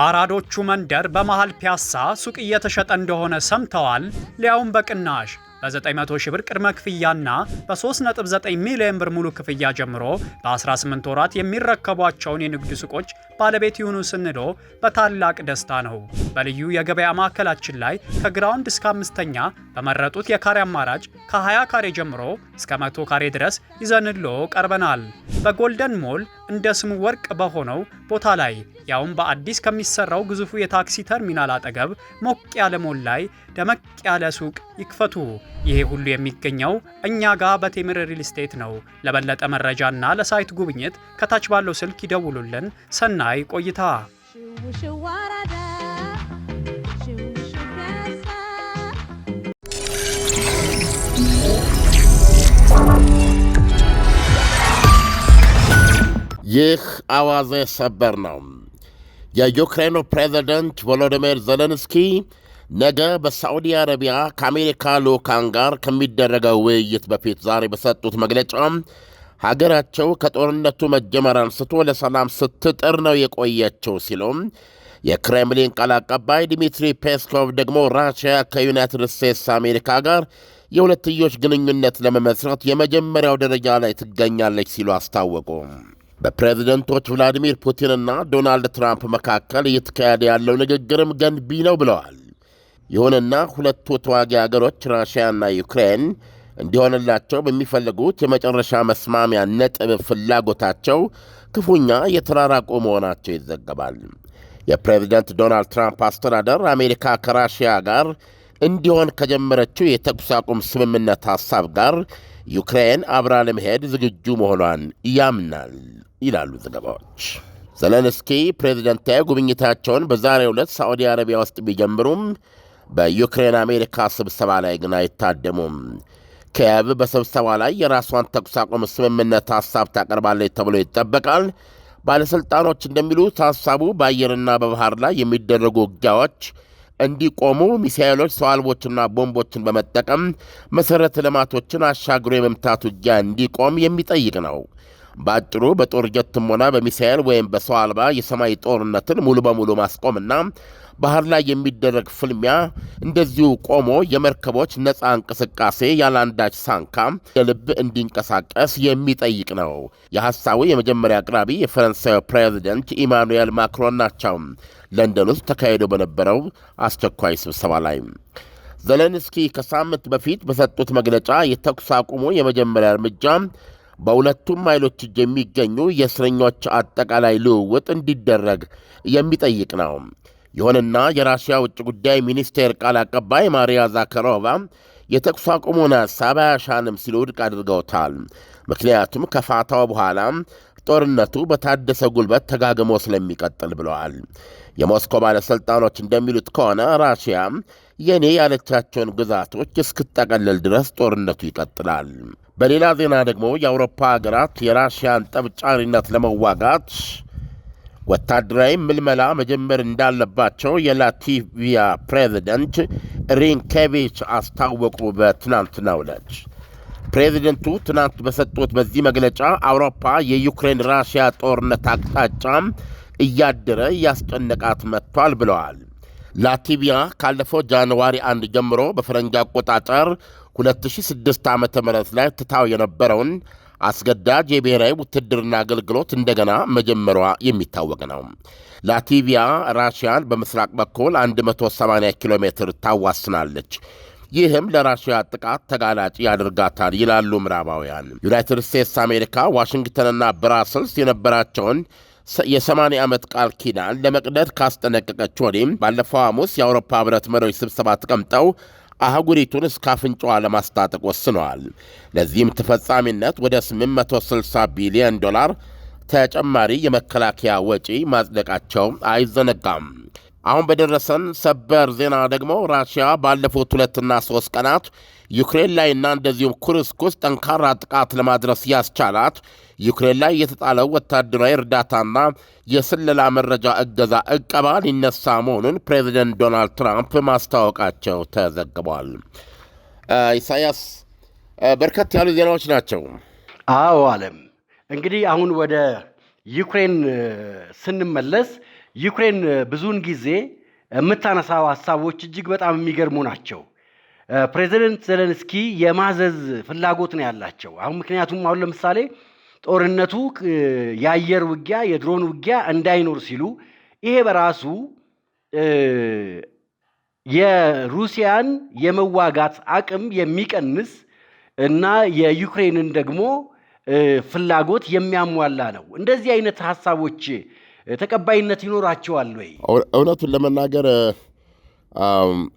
ባራዶቹ መንደር በመሃል ፒያሳ ሱቅ እየተሸጠ እንደሆነ ሰምተዋል? ሊያውም በቅናሽ በ900 ሺህ ብር ቅድመ ክፍያና በ3.9 ሚሊዮን ብር ሙሉ ክፍያ ጀምሮ በ18 ወራት የሚረከቧቸውን የንግድ ሱቆች ባለቤት ይሁኑ ስንሎ በታላቅ ደስታ ነው። በልዩ የገበያ ማዕከላችን ላይ ከግራውንድ እስከ አምስተኛ በመረጡት የካሬ አማራጭ ከ20 ካሬ ጀምሮ እስከ መቶ ካሬ ድረስ ይዘንሎ ቀርበናል። በጎልደን ሞል እንደ ስሙ ወርቅ በሆነው ቦታ ላይ ያውም በአዲስ ከሚሰራው ግዙፉ የታክሲ ተርሚናል አጠገብ ሞቅ ያለ ሞል ላይ ደመቅ ያለ ሱቅ ይክፈቱ። ይሄ ሁሉ የሚገኘው እኛ ጋር በቴምር ሪል ስቴት ነው። ለበለጠ መረጃና ለሳይት ጉብኝት ከታች ባለው ስልክ ይደውሉልን። ሰናይ ተከታታይ ቆይታ ይህ አዋዜ ሰበር ነው። የዩክሬኑ ፕሬዝደንት ቮሎዲሚር ዘለንስኪ ነገ በሳዑዲ አረቢያ ከአሜሪካ ልዑካን ጋር ከሚደረገው ውይይት በፊት ዛሬ በሰጡት መግለጫ ሀገራቸው ከጦርነቱ መጀመር አንስቶ ለሰላም ስትጥር ነው የቆየችው ሲሉም የክሬምሊን ቃል አቀባይ ዲሚትሪ ፔስኮቭ ደግሞ ራሽያ ከዩናይትድ ስቴትስ አሜሪካ ጋር የሁለትዮሽ ግንኙነት ለመመስረት የመጀመሪያው ደረጃ ላይ ትገኛለች ሲሉ አስታወቁ። በፕሬዝደንቶች ቭላዲሚር ፑቲንና ዶናልድ ትራምፕ መካከል እየተካሄደ ያለው ንግግርም ገንቢ ነው ብለዋል። ይሁንና ሁለቱ ተዋጊ አገሮች ራሽያና ዩክሬን እንዲሆንላቸው በሚፈልጉት የመጨረሻ መስማሚያ ነጥብ ፍላጎታቸው ክፉኛ የተራራቁ መሆናቸው ይዘገባል። የፕሬዚደንት ዶናልድ ትራምፕ አስተዳደር አሜሪካ ከራሽያ ጋር እንዲሆን ከጀመረችው የተኩስ አቁም ስምምነት ሐሳብ ጋር ዩክሬን አብራ ለመሄድ ዝግጁ መሆኗን ያምናል ይላሉ ዘገባዎች። ዘለንስኪ ፕሬዚደንታዊ ጉብኝታቸውን በዛሬው ዕለት ሳዑዲ አረቢያ ውስጥ ቢጀምሩም በዩክሬን አሜሪካ ስብሰባ ላይ ግን አይታደሙም። ኪየቭ በስብሰባ ላይ የራሷን ተኩስ አቁም ስምምነት ሐሳብ ታቀርባለች ተብሎ ይጠበቃል። ባለሥልጣኖች እንደሚሉት ሐሳቡ በአየርና በባህር ላይ የሚደረጉ ውጊያዎች እንዲቆሙ፣ ሚሳኤሎች፣ ሰው አልቦችና ቦምቦችን በመጠቀም መሠረተ ልማቶችን አሻግሮ የመምታት ውጊያ እንዲቆም የሚጠይቅ ነው። በአጭሩ በጦር ጀትም ሆነ በሚሳኤል ወይም በሰው አልባ የሰማይ ጦርነትን ሙሉ በሙሉ ማስቆምና ባህር ላይ የሚደረግ ፍልሚያ እንደዚሁ ቆሞ የመርከቦች ነፃ እንቅስቃሴ ያለአንዳች ሳንካ የልብ እንዲንቀሳቀስ የሚጠይቅ ነው። የሐሳቡ የመጀመሪያ አቅራቢ የፈረንሳዊ ፕሬዚደንት ኢማኑኤል ማክሮን ናቸው። ለንደን ውስጥ ተካሂዶ በነበረው አስቸኳይ ስብሰባ ላይ ዘለንስኪ ከሳምንት በፊት በሰጡት መግለጫ የተኩስ አቁሙ የመጀመሪያ እርምጃ በሁለቱም ኃይሎች እጅ የሚገኙ የእስረኞች አጠቃላይ ልውውጥ እንዲደረግ የሚጠይቅ ነው። ይሁንና የራሽያ ውጭ ጉዳይ ሚኒስቴር ቃል አቀባይ ማሪያ ዛካሮቫ የተኩስ አቁሙን ሀሳብ አያሻንም ሲሉ ውድቅ አድርገውታል። ምክንያቱም ከፋታው በኋላ ጦርነቱ በታደሰ ጉልበት ተጋግሞ ስለሚቀጥል ብለዋል። የሞስኮ ባለሥልጣኖች እንደሚሉት ከሆነ ራሽያ የኔ ያለቻቸውን ግዛቶች እስክጠቀልል ድረስ ጦርነቱ ይቀጥላል። በሌላ ዜና ደግሞ የአውሮፓ ሀገራት የራሽያን ጠብጫሪነት ለመዋጋት ወታደራዊ ምልመላ መጀመር እንዳለባቸው የላቲቪያ ፕሬዚደንት ሪንኬቪች አስታወቁ። በትናንትናው ዕለት ፕሬዚደንቱ ትናንት በሰጡት በዚህ መግለጫ አውሮፓ የዩክሬን ራሽያ ጦርነት አቅጣጫ እያደረ እያስጨነቃት መጥቷል ብለዋል። ላቲቪያ ካለፈው ጃንዋሪ 1 ጀምሮ በፈረንጅ አቆጣጠር 2006 ዓ ም ላይ ትታው የነበረውን አስገዳጅ የብሔራዊ ውትድርና አገልግሎት እንደገና መጀመሯ የሚታወቅ ነው። ላቲቪያ ራሽያን በምስራቅ በኩል 180 ኪሎ ሜትር ታዋስናለች። ይህም ለራሽያ ጥቃት ተጋላጭ ያደርጋታል ይላሉ ምዕራባውያን። ዩናይትድ ስቴትስ አሜሪካ ዋሽንግተንና ብራስልስ የነበራቸውን የ ዓመት ቃል ኪዳን ለመቅደድ ካስጠነቀቀች ወዲህም ባለፈው ሐሙስ የአውሮፓ ህብረት መሪዎች ስብሰባ ተቀምጠው አህጉሪቱን እስከ አፍንጫዋ ለማስታጠቅ ወስነዋል። ለዚህም ተፈጻሚነት ወደ 860 ቢሊዮን ዶላር ተጨማሪ የመከላከያ ወጪ ማጽደቃቸው አይዘነጋም። አሁን በደረሰን ሰበር ዜና ደግሞ ራሽያ ባለፉት ሁለትና ሶስት ቀናት ዩክሬን ላይና እንደዚሁም ኩርስክ ውስጥ ጠንካራ ጥቃት ለማድረስ ያስቻላት ዩክሬን ላይ የተጣለው ወታደራዊ እርዳታና የስለላ መረጃ እገዛ እቀባ ሊነሳ መሆኑን ፕሬዚደንት ዶናልድ ትራምፕ ማስታወቃቸው ተዘግቧል። ኢሳያስ፣ በርከት ያሉ ዜናዎች ናቸው። አዎ አለም እንግዲህ አሁን ወደ ዩክሬን ስንመለስ ዩክሬን ብዙውን ጊዜ የምታነሳው ሀሳቦች እጅግ በጣም የሚገርሙ ናቸው። ፕሬዚደንት ዘለንስኪ የማዘዝ ፍላጎት ነው ያላቸው። አሁን ምክንያቱም አሁን ለምሳሌ ጦርነቱ የአየር ውጊያ፣ የድሮን ውጊያ እንዳይኖር ሲሉ ይሄ በራሱ የሩሲያን የመዋጋት አቅም የሚቀንስ እና የዩክሬንን ደግሞ ፍላጎት የሚያሟላ ነው። እንደዚህ አይነት ሀሳቦች ተቀባይነት ይኖራቸዋል ወይ? እውነቱን ለመናገር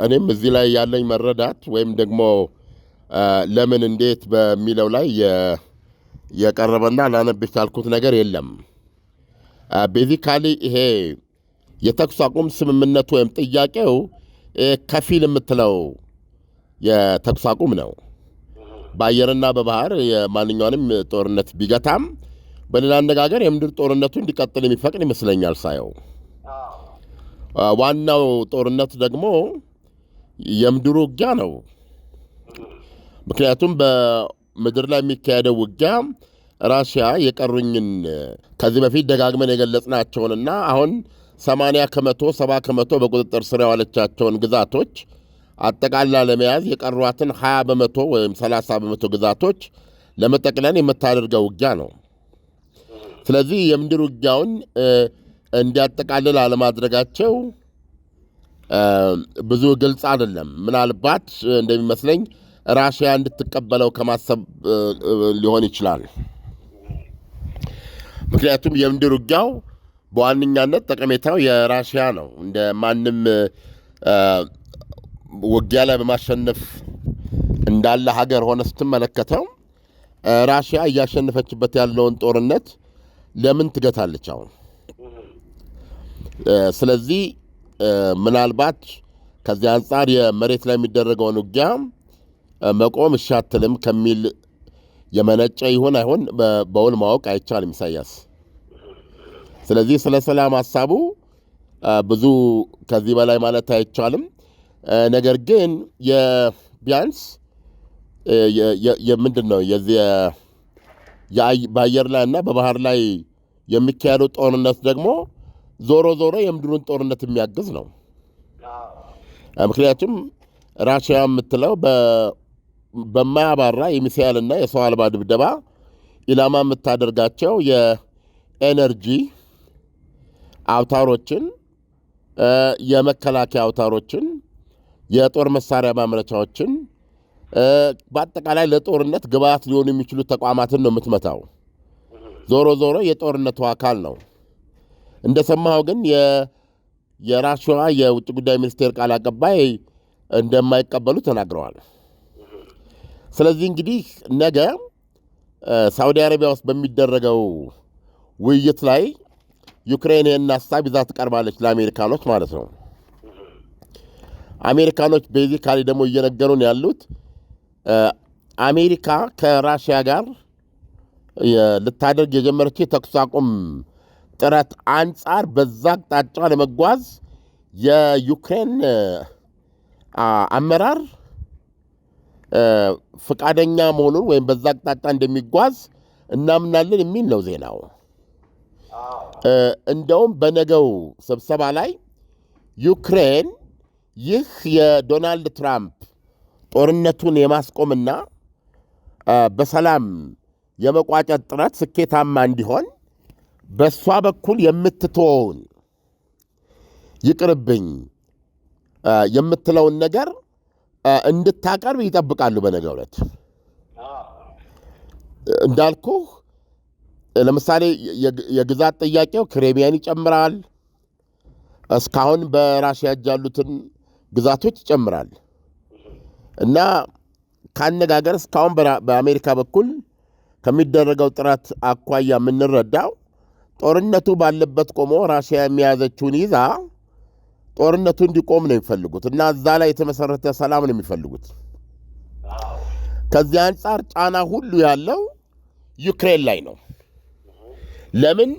እኔም እዚህ ላይ ያለኝ መረዳት ወይም ደግሞ ለምን እንዴት በሚለው ላይ የቀረበና ላነብ ያልኩት ነገር የለም። ቤዚካሊ ይሄ የተኩስ አቁም ስምምነቱ ወይም ጥያቄው ከፊል የምትለው የተኩስ አቁም ነው። በአየርና በባህር የማንኛውንም ጦርነት ቢገታም በሌላ አነጋገር የምድር ጦርነቱ እንዲቀጥል የሚፈቅድ ይመስለኛል ሳየው። ዋናው ጦርነት ደግሞ የምድሩ ውጊያ ነው። ምክንያቱም በምድር ላይ የሚካሄደው ውጊያ ራሽያ የቀሩኝን ከዚህ በፊት ደጋግመን የገለጽናቸውንና አሁን ሰማንያ ከመቶ ሰባ ከመቶ በቁጥጥር ስር የዋለቻቸውን ግዛቶች አጠቃላ ለመያዝ የቀሯትን 20 በመቶ ወይም ሰላሳ በመቶ ግዛቶች ለመጠቅለን የምታደርገው ውጊያ ነው። ስለዚህ የምድር ውጊያውን እንዲያጠቃልል አለማድረጋቸው ብዙ ግልጽ አይደለም። ምናልባት እንደሚመስለኝ ራሽያ እንድትቀበለው ከማሰብ ሊሆን ይችላል። ምክንያቱም የምድር ውጊያው በዋነኛነት ጠቀሜታው የራሽያ ነው። እንደ ማንም ውጊያ ላይ በማሸነፍ እንዳለ ሀገር ሆነ ስትመለከተው ራሽያ እያሸነፈችበት ያለውን ጦርነት ለምን ትገታለች? አሁን ስለዚህ ምናልባት ከዚህ አንጻር የመሬት ላይ የሚደረገውን ውጊያ መቆም እሻትልም ከሚል የመነጨ ይሆን አይሆን በውል ማወቅ አይቻልም ኢሳያስ። ስለዚህ ስለ ሰላም ሀሳቡ ብዙ ከዚህ በላይ ማለት አይቻልም። ነገር ግን ቢያንስ ምንድን ነው የዚህ በአየር ላይ እና በባህር ላይ የሚካሄደው ጦርነት ደግሞ ዞሮ ዞሮ የምድሩን ጦርነት የሚያግዝ ነው። ምክንያቱም ራሽያ የምትለው በማያባራ የሚሳኤልና የሰው አልባ ድብደባ ኢላማ የምታደርጋቸው የኤነርጂ አውታሮችን፣ የመከላከያ አውታሮችን፣ የጦር መሳሪያ ማምረቻዎችን በአጠቃላይ ለጦርነት ግብዓት ሊሆኑ የሚችሉ ተቋማትን ነው የምትመታው። ዞሮ ዞሮ የጦርነቱ አካል ነው። እንደሰማኸው ግን የራሽዋ የውጭ ጉዳይ ሚኒስቴር ቃል አቀባይ እንደማይቀበሉ ተናግረዋል። ስለዚህ እንግዲህ ነገ ሳዑዲ አረቢያ ውስጥ በሚደረገው ውይይት ላይ ዩክሬን ይህን ሀሳብ ይዛ ትቀርባለች ለአሜሪካኖች ማለት ነው። አሜሪካኖች ቤዚካሊ ደግሞ እየነገሩን ያሉት አሜሪካ ከራሽያ ጋር ልታደርግ የጀመረች የተኩስ አቁም ጥረት አንጻር በዛ አቅጣጫ ለመጓዝ የዩክሬን አመራር ፈቃደኛ መሆኑን ወይም በዛ አቅጣጫ እንደሚጓዝ እናምናለን የሚል ነው ዜናው። እንደውም በነገው ስብሰባ ላይ ዩክሬን ይህ የዶናልድ ትራምፕ ጦርነቱን የማስቆምና በሰላም የመቋጨት ጥረት ስኬታማ እንዲሆን በእሷ በኩል የምትተወውን ይቅርብኝ የምትለውን ነገር እንድታቀርብ ይጠብቃሉ። በነገ ዕለት እንዳልኩህ ለምሳሌ የግዛት ጥያቄው ክሬሚያን ይጨምራል። እስካሁን በራሽያ እጅ ያሉትን ግዛቶች ይጨምራል። እና ከአነጋገር እስካሁን በአሜሪካ በኩል ከሚደረገው ጥረት አኳያ የምንረዳው ጦርነቱ ባለበት ቆሞ ራሽያ የሚያዘችውን ይዛ ጦርነቱ እንዲቆም ነው የሚፈልጉት እና እዛ ላይ የተመሰረተ ሰላም ነው የሚፈልጉት። ከዚህ አንጻር ጫና ሁሉ ያለው ዩክሬን ላይ ነው። ለምን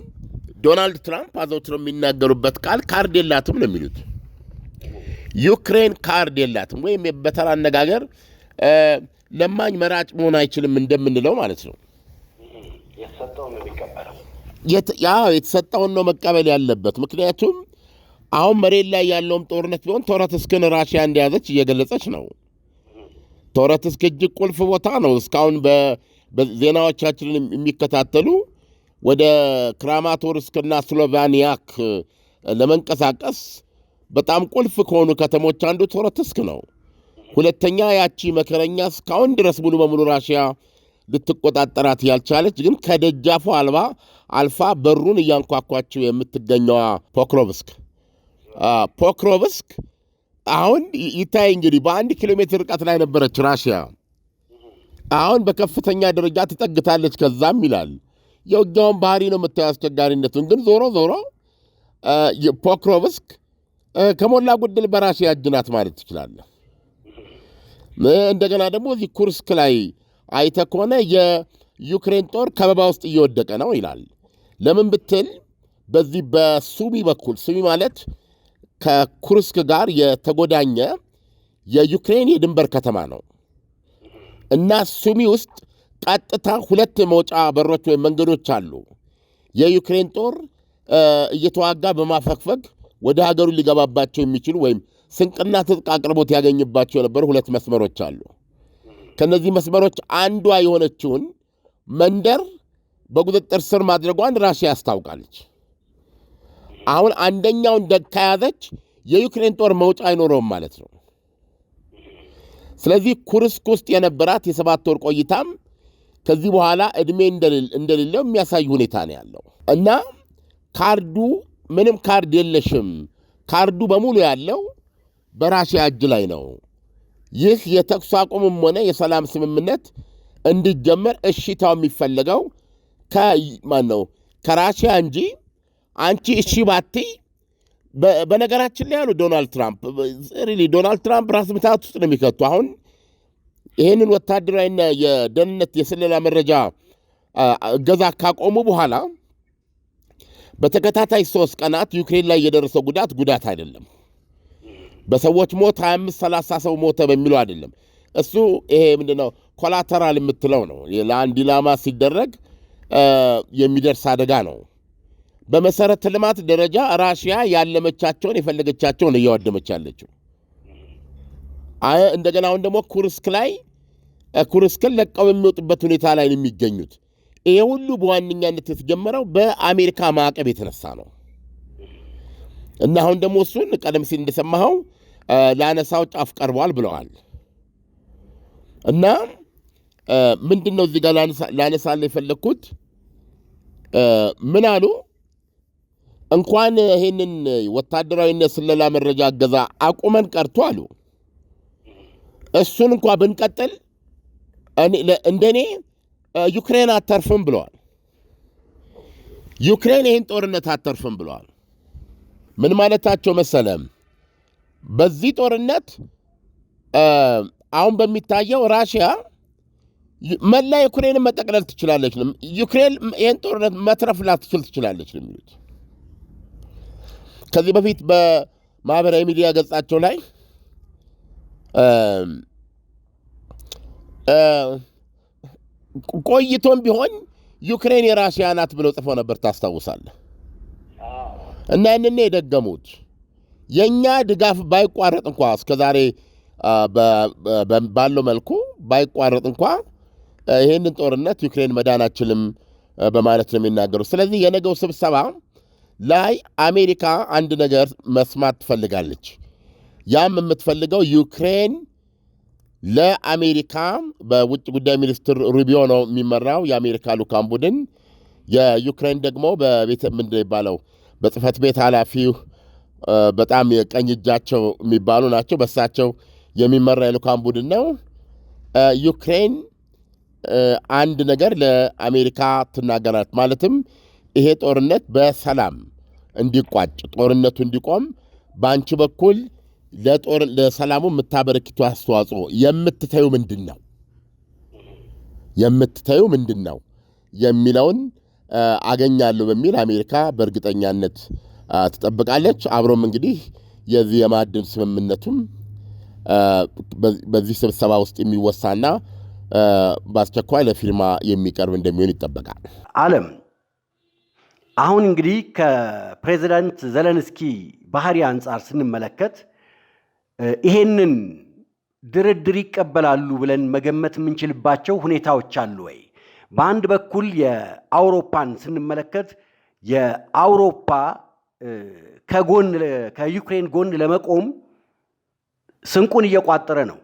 ዶናልድ ትራምፕ አዘውትረው የሚናገሩበት ቃል ካርድ የላትም ነው የሚሉት ዩክሬን ካርድ የላትም ወይም በተራ አነጋገር ለማኝ መራጭ መሆን አይችልም እንደምንለው ማለት ነው። የተሰጠውን ነው መቀበል ያለበት። ምክንያቱም አሁን መሬት ላይ ያለውም ጦርነት ቢሆን ቶረትስክን ራሽያ እንደያዘች እየገለጸች ነው። ቶረትስክ እጅግ ቁልፍ ቦታ ነው። እስካሁን በዜናዎቻችንን የሚከታተሉ ወደ ክራማቶርስክና ስሎቫኒያክ ለመንቀሳቀስ በጣም ቁልፍ ከሆኑ ከተሞች አንዱ ቶረትስክ ነው። ሁለተኛ ያቺ መከረኛ እስካሁን ድረስ ሙሉ በሙሉ ራሽያ ልትቆጣጠራት ያልቻለች ግን ከደጃፉ አልባ አልፋ በሩን እያንኳኳችው የምትገኘዋ ፖክሮቭስክ ፖክሮቭስክ አሁን ይታይ እንግዲህ በአንድ ኪሎ ሜትር ርቀት ላይ ነበረች ራሽያ። አሁን በከፍተኛ ደረጃ ትጠግታለች። ከዛም ይላል የውጊያውን ባህሪ ነው የምታየው አስቸጋሪነቱን። ግን ዞሮ ዞሮ ፖክሮቭስክ ከሞላ ጎደል በራሱ ያድናት ማለት ትችላለህ። እንደገና ደግሞ እዚህ ኩርስክ ላይ አይተ ከሆነ የዩክሬን ጦር ከበባ ውስጥ እየወደቀ ነው ይላል። ለምን ብትል በዚህ በሱሚ በኩል ሱሚ ማለት ከኩርስክ ጋር የተጎዳኘ የዩክሬን የድንበር ከተማ ነው እና ሱሚ ውስጥ ቀጥታ ሁለት መውጫ በሮች ወይም መንገዶች አሉ። የዩክሬን ጦር እየተዋጋ በማፈግፈግ ወደ ሀገሩ ሊገባባቸው የሚችሉ ወይም ስንቅና ትጥቅ አቅርቦት ያገኝባቸው የነበሩ ሁለት መስመሮች አሉ። ከእነዚህ መስመሮች አንዷ የሆነችውን መንደር በቁጥጥር ስር ማድረጓን ራሽያ ያስታውቃለች። አሁን አንደኛውን ከያዘች የዩክሬን ጦር መውጫ አይኖረውም ማለት ነው። ስለዚህ ኩርስክ ውስጥ የነበራት የሰባት ወር ቆይታም ከዚህ በኋላ ዕድሜ እንደሌለው የሚያሳይ ሁኔታ ነው ያለው እና ካርዱ ምንም ካርድ የለሽም። ካርዱ በሙሉ ያለው በራሽያ እጅ ላይ ነው። ይህ የተኩስ አቁምም ሆነ የሰላም ስምምነት እንዲጀመር እሽታው የሚፈለገው ከማን ነው? ከራሽያ እንጂ አንቺ እሺ ባቲ። በነገራችን ላይ ያሉ ዶናልድ ትራምፕ ሪሊ ዶናልድ ትራምፕ ራስ ምታት ውስጥ ነው የሚከቱ። አሁን ይህንን ወታደራዊና የደህንነት የስለላ መረጃ እገዛ ካቆሙ በኋላ በተከታታይ ሶስት ቀናት ዩክሬን ላይ የደረሰው ጉዳት ጉዳት አይደለም። በሰዎች ሞት 25 30 ሰው ሞተ በሚለው አይደለም። እሱ ይሄ ምንድነው ኮላተራል የምትለው ነው። ለአንድ ኢላማ ሲደረግ የሚደርስ አደጋ ነው። በመሰረተ ልማት ደረጃ ራሽያ ያለመቻቸውን የፈለገቻቸውን እያወደመች ያለችው እንደገና አሁን ደግሞ ኩርስክ ላይ ኩርስክን ለቀው የሚወጡበት ሁኔታ ላይ ነው የሚገኙት። ይሄ ሁሉ በዋነኛነት የተጀመረው በአሜሪካ ማዕቀብ የተነሳ ነው እና አሁን ደግሞ እሱን ቀደም ሲል እንደሰማኸው ለአነሳው ጫፍ ቀርቧል ብለዋል እና ምንድን ነው እዚህ ጋር ላነሳለ የፈለግኩት ምን አሉ እንኳን ይህንን ወታደራዊነት ስለላ መረጃ እገዛ አቁመን ቀርቶ አሉ እሱን እንኳ ብንቀጥል እንደኔ ዩክሬን አተርፍም ብለዋል። ዩክሬን ይህን ጦርነት አተርፍም ብለዋል። ምን ማለታቸው መሰለም? በዚህ ጦርነት አሁን በሚታየው ራሽያ መላ ዩክሬንን መጠቅለል ትችላለች። ዩክሬን ይህን ጦርነት መትረፍ ላትችል ትችላለች ነው የሚሉት። ከዚህ በፊት በማህበራዊ ሚዲያ ገጻቸው ላይ ቆይቶም ቢሆን ዩክሬን የራሽያ ናት ብለው ጽፎ ነበር ታስታውሳለህ። እና ያንን የደገሙት የእኛ ድጋፍ ባይቋረጥ እንኳ እስከዛሬ ባለው መልኩ ባይቋረጥ እንኳ ይህንን ጦርነት ዩክሬን መዳን አችልም በማለት ነው የሚናገሩት። ስለዚህ የነገው ስብሰባ ላይ አሜሪካ አንድ ነገር መስማት ትፈልጋለች። ያም የምትፈልገው ዩክሬን ለአሜሪካ በውጭ ጉዳይ ሚኒስትር ሩቢዮ ነው የሚመራው የአሜሪካ ልዑካን ቡድን። የዩክሬን ደግሞ በቤተ ምንድን የሚባለው በጽህፈት ቤት ኃላፊው በጣም የቀኝ እጃቸው የሚባሉ ናቸው። በሳቸው የሚመራ የልዑካን ቡድን ነው። ዩክሬን አንድ ነገር ለአሜሪካ ትናገራት ማለትም ይሄ ጦርነት በሰላም እንዲቋጭ ጦርነቱ እንዲቆም በአንቺ በኩል ለጦር ለሰላሙ የምታበረክቱ አስተዋጽኦ የምትተዩ ምንድን ነው የምትተዩ ምንድን ነው የሚለውን አገኛለሁ በሚል አሜሪካ በእርግጠኛነት ትጠብቃለች። አብሮም እንግዲህ የዚህ የማዕድን ስምምነቱም በዚህ ስብሰባ ውስጥ የሚወሳና በአስቸኳይ ለፊርማ የሚቀርብ እንደሚሆን ይጠበቃል። አለም አሁን እንግዲህ ከፕሬዚዳንት ዘለንስኪ ባህሪ አንጻር ስንመለከት ይሄንን ድርድር ይቀበላሉ ብለን መገመት የምንችልባቸው ሁኔታዎች አሉ ወይ? በአንድ በኩል የአውሮፓን ስንመለከት የአውሮፓ ከጎን ከዩክሬን ጎን ለመቆም ስንቁን እየቋጠረ ነው፣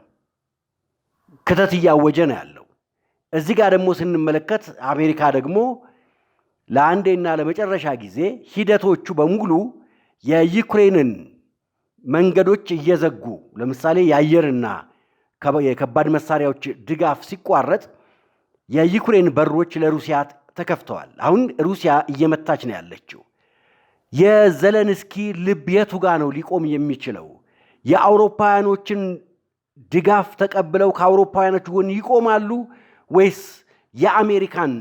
ክተት እያወጀ ነው ያለው። እዚህ ጋር ደግሞ ስንመለከት አሜሪካ ደግሞ ለአንዴና ለመጨረሻ ጊዜ ሂደቶቹ በሙሉ የዩክሬንን መንገዶች እየዘጉ ለምሳሌ የአየርና የከባድ መሳሪያዎች ድጋፍ ሲቋረጥ የዩክሬን በሮች ለሩሲያ ተከፍተዋል። አሁን ሩሲያ እየመታች ነው ያለችው። የዘለንስኪ ልብ የቱ ጋ ነው ሊቆም የሚችለው? የአውሮፓውያኖችን ድጋፍ ተቀብለው ከአውሮፓውያኖች ጎን ይቆማሉ ወይስ የአሜሪካን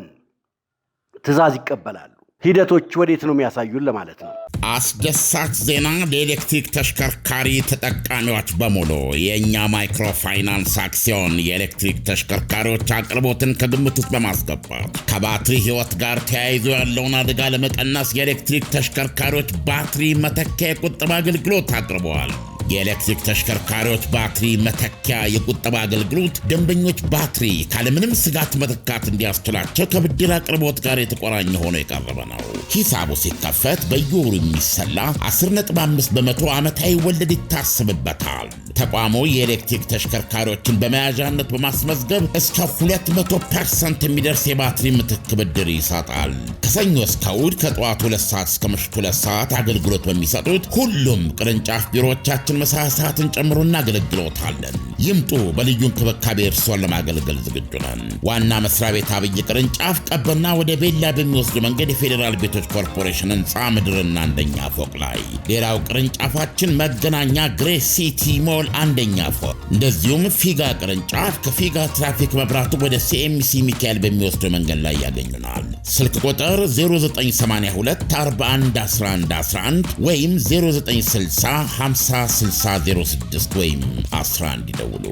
ትዕዛዝ ይቀበላሉ? ሂደቶች ወዴት ነው የሚያሳዩን ለማለት ነው። አስደሳች ዜና ለኤሌክትሪክ ተሽከርካሪ ተጠቃሚዎች በሙሉ የእኛ ማይክሮፋይናንስ አክሲዮን የኤሌክትሪክ ተሽከርካሪዎች አቅርቦትን ከግምት ውስጥ በማስገባት ከባትሪ ሕይወት ጋር ተያይዞ ያለውን አደጋ ለመቀነስ የኤሌክትሪክ ተሽከርካሪዎች ባትሪ መተኪያ የቁጥብ አገልግሎት አቅርበዋል። የኤሌክትሪክ ተሽከርካሪዎች ባትሪ መተኪያ የቁጠባ አገልግሎት ደንበኞች ባትሪ ካለምንም ስጋት መተካት እንዲያስችላቸው ከብድር አቅርቦት ጋር የተቆራኘ ሆኖ የቀረበ ነው። ሂሳቡ ሲከፈት በየወሩ የሚሰላ 15 በመቶ ዓመታዊ ወለድ ይታሰብበታል። ተቋሙ የኤሌክትሪክ ተሽከርካሪዎችን በመያዣነት በማስመዝገብ እስከ 200 ፐርሰንት የሚደርስ የባትሪ ምትክ ብድር ይሰጣል። ከሰኞ እስከ እሑድ ከጠዋቱ 2 ሰዓት እስከ ምሽቱ 2 ሰዓት አገልግሎት በሚሰጡት ሁሉም ቅርንጫፍ ቢሮዎቻችን ቀን ምሳ ሰዓትን ጨምሮ እናገለግለዎታለን። ይምጡ። በልዩ እንክብካቤ እርስዎን ለማገልገል ዝግጁ ነን። ዋና መስሪያ ቤት አብይ ቅርንጫፍ ቀበና ወደ ቤላ በሚወስዱ መንገድ የፌዴራል ቤቶች ኮርፖሬሽን ህንፃ ምድርና አንደኛ ፎቅ ላይ። ሌላው ቅርንጫፋችን መገናኛ ግሬ ሲቲ ሞል አንደኛ ፎቅ፣ እንደዚሁም ፊጋ ቅርንጫፍ ከፊጋ ትራፊክ መብራቱ ወደ ሲኤምሲ ሚካኤል በሚወስዱ መንገድ ላይ ያገኙናል። ስልክ ቁጥር 0982411111 ወይም 0960 6006 ወይም 11 ይደውሉ።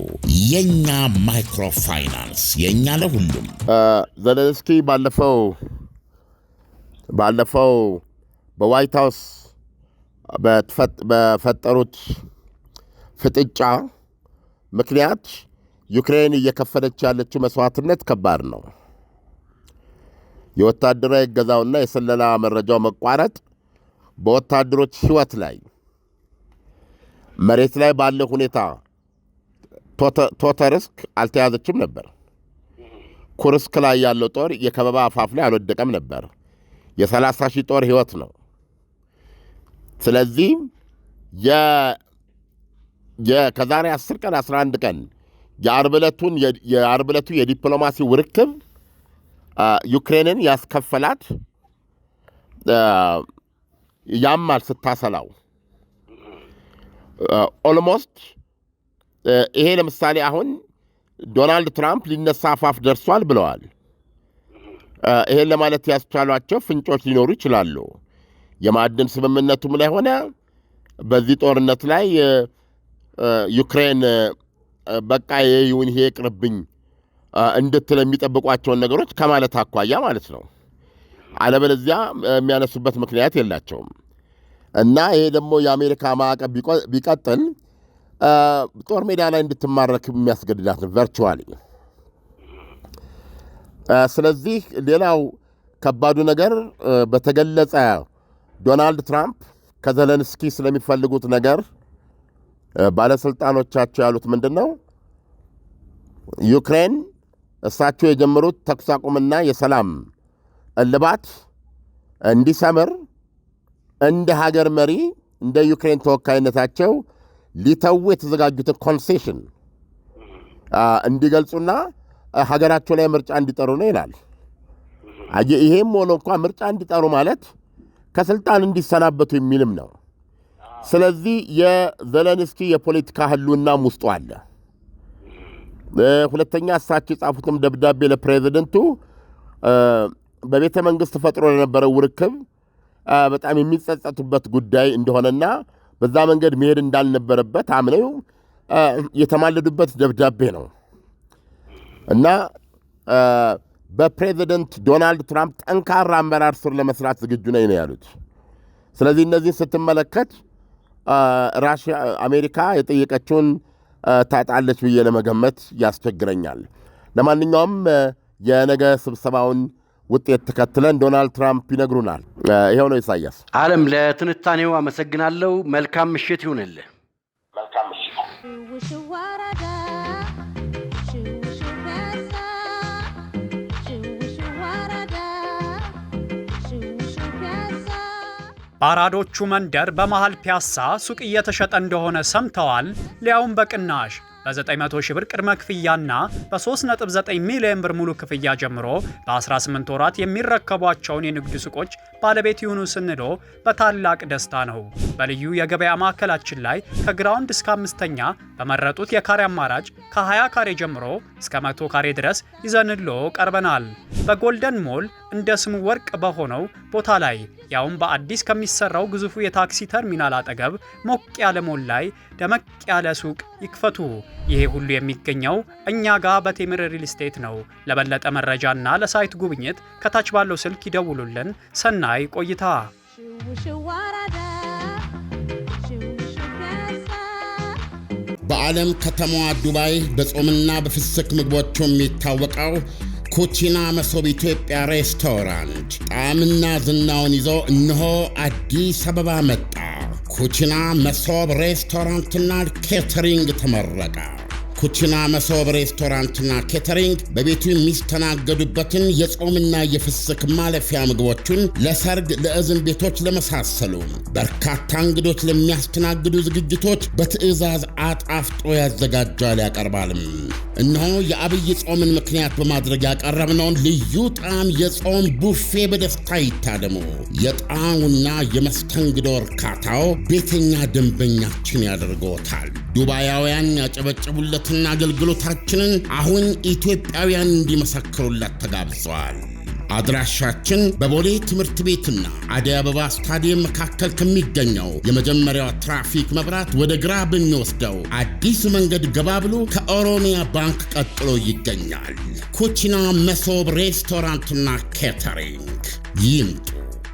የእኛ ማይክሮፋይናንስ የእኛ ለሁሉም። ዘለንስኪ ባለፈው ባለፈው በዋይት ሀውስ በፈጠሩት ፍጥጫ ምክንያት ዩክሬን እየከፈለች ያለችው መስዋዕትነት ከባድ ነው። የወታደራዊ እገዛውና የስለላ መረጃው መቋረጥ በወታደሮች ሕይወት ላይ መሬት ላይ ባለ ሁኔታ ቶተ ርስክ አልተያዘችም ነበር። ኩርስክ ላይ ያለው ጦር የከበባ አፋፍ ላይ አልወደቀም ነበር። የሰላሳ ሺህ ጦር ህይወት ነው። ስለዚህ ከዛሬ 10 ቀን 11 ቀን የአርብ ዕለቱ የዲፕሎማሲ ውርክብ ዩክሬንን ያስከፈላት ያማል ስታሰላው ኦልሞስት uh, uh, ይሄ ለምሳሌ አሁን ዶናልድ ትራምፕ ሊነሳ አፋፍ ደርሷል ብለዋል። uh, ይሄን ለማለት ያስቻሏቸው ፍንጮች ሊኖሩ ይችላሉ። የማዕድን ስምምነቱም ላይ ሆነ በዚህ ጦርነት ላይ ዩክሬን በቃ ይሁን ይሄ ቅርብኝ እንድትል የሚጠብቋቸውን ነገሮች ከማለት አኳያ ማለት ነው። አለበለዚያ የሚያነሱበት ምክንያት የላቸውም። እና ይሄ ደግሞ የአሜሪካ ማዕቀብ ቢቀጥል ጦር ሜዳ ላይ እንድትማረክ የሚያስገድዳት ነው ቨርቹዋሊ። ስለዚህ ሌላው ከባዱ ነገር በተገለጸ ዶናልድ ትራምፕ ከዘለንስኪ ስለሚፈልጉት ነገር ባለስልጣኖቻቸው ያሉት ምንድን ነው? ዩክሬን እሳቸው የጀመሩት ተኩስ አቁምና የሰላም እልባት እንዲሰምር እንደ ሀገር መሪ እንደ ዩክሬን ተወካይነታቸው ሊተዉ የተዘጋጁትን ኮንሴሽን እንዲገልጹና ሀገራቸው ላይ ምርጫ እንዲጠሩ ነው ይላል። ይሄም ሆኖ እንኳ ምርጫ እንዲጠሩ ማለት ከስልጣን እንዲሰናበቱ የሚልም ነው። ስለዚህ የዘለንስኪ የፖለቲካ ህልውናም ውስጡ አለ። ሁለተኛ እሳቸው የጻፉትም ደብዳቤ ለፕሬዚደንቱ በቤተ መንግሥት ተፈጥሮ ለነበረው ውርክብ በጣም የሚጸጸቱበት ጉዳይ እንደሆነና በዛ መንገድ መሄድ እንዳልነበረበት አምነው የተማለዱበት ደብዳቤ ነው እና በፕሬዚደንት ዶናልድ ትራምፕ ጠንካራ አመራር ስር ለመስራት ዝግጁ ነኝ ነው ያሉት። ስለዚህ እነዚህን ስትመለከት ራሽያ አሜሪካ የጠየቀችውን ታጣለች ብዬ ለመገመት ያስቸግረኛል። ለማንኛውም የነገ ስብሰባውን ውጤት ተከትለን ዶናልድ ትራምፕ ይነግሩናል። ይኸው ነው ኢሳያስ አለም። ለትንታኔው አመሰግናለሁ። መልካም ምሽት ይሁንልህ። ባራዶቹ መንደር በመሃል ፒያሳ ሱቅ እየተሸጠ እንደሆነ ሰምተዋል፣ ሊያውም በቅናሽ በ900 ሺህ ብር ቅድመ ክፍያና በ3.9 ሚሊዮን ብር ሙሉ ክፍያ ጀምሮ በ18 ወራት የሚረከቧቸውን የንግድ ሱቆች ባለቤት ይሁኑ ስንሎ በታላቅ ደስታ ነው። በልዩ የገበያ ማዕከላችን ላይ ከግራውንድ እስከ አምስተኛ በመረጡት የካሬ አማራጭ ከ20 ካሬ ጀምሮ እስከ መቶ ካሬ ድረስ ይዘንሎ ቀርበናል። በጎልደን ሞል እንደ ስሙ ወርቅ በሆነው ቦታ ላይ ያውም በአዲስ ከሚሰራው ግዙፉ የታክሲ ተርሚናል አጠገብ ሞቅ ያለ ሞል ላይ ደመቅ ያለ ሱቅ ይክፈቱ። ይሄ ሁሉ የሚገኘው እኛ ጋር በቴምር ሪል ስቴት ነው። ለበለጠ መረጃና ለሳይት ጉብኝት ከታች ባለው ስልክ ይደውሉልን። ሰናይ ቆይታ። በዓለም ከተማዋ ዱባይ በጾምና በፍስክ ምግቦቹ የሚታወቀው ኩቺና መሶብ ኢትዮጵያ ሬስቶራንት ጣዕምና ዝናውን ይዞ እነሆ አዲስ አበባ መጣ። ኩቺና መሶብ ሬስቶራንትና ኬተሪንግ ተመረቀ። ኩችና መሶብ ሬስቶራንትና ኬተሪንግ በቤቱ የሚስተናገዱበትን የጾምና የፍስክ ማለፊያ ምግቦችን ለሰርግ፣ ለእዝን ቤቶች ለመሳሰሉ በርካታ እንግዶች ለሚያስተናግዱ ዝግጅቶች በትዕዛዝ አጣፍጦ ያዘጋጃል ያቀርባልም። እነሆ የአብይ ጾምን ምክንያት በማድረግ ያቀረብነውን ልዩ ጣዕም የጾም ቡፌ በደስታ ይታደሙ። የጣዕሙና የመስተንግዶ እርካታው ቤተኛ ደንበኛችን ያደርጎታል። ዱባያውያን ያጨበጨቡለትና አገልግሎታችንን አሁን ኢትዮጵያውያን እንዲመሰክሩለት ተጋብዘዋል። አድራሻችን በቦሌ ትምህርት ቤትና አደይ አበባ ስታዲየም መካከል ከሚገኘው የመጀመሪያው ትራፊክ መብራት ወደ ግራ በሚወስደው አዲስ መንገድ ገባ ብሎ ከኦሮሚያ ባንክ ቀጥሎ ይገኛል። ኩቺና መሶብ ሬስቶራንትና ኬተሪንግ ይምጡ።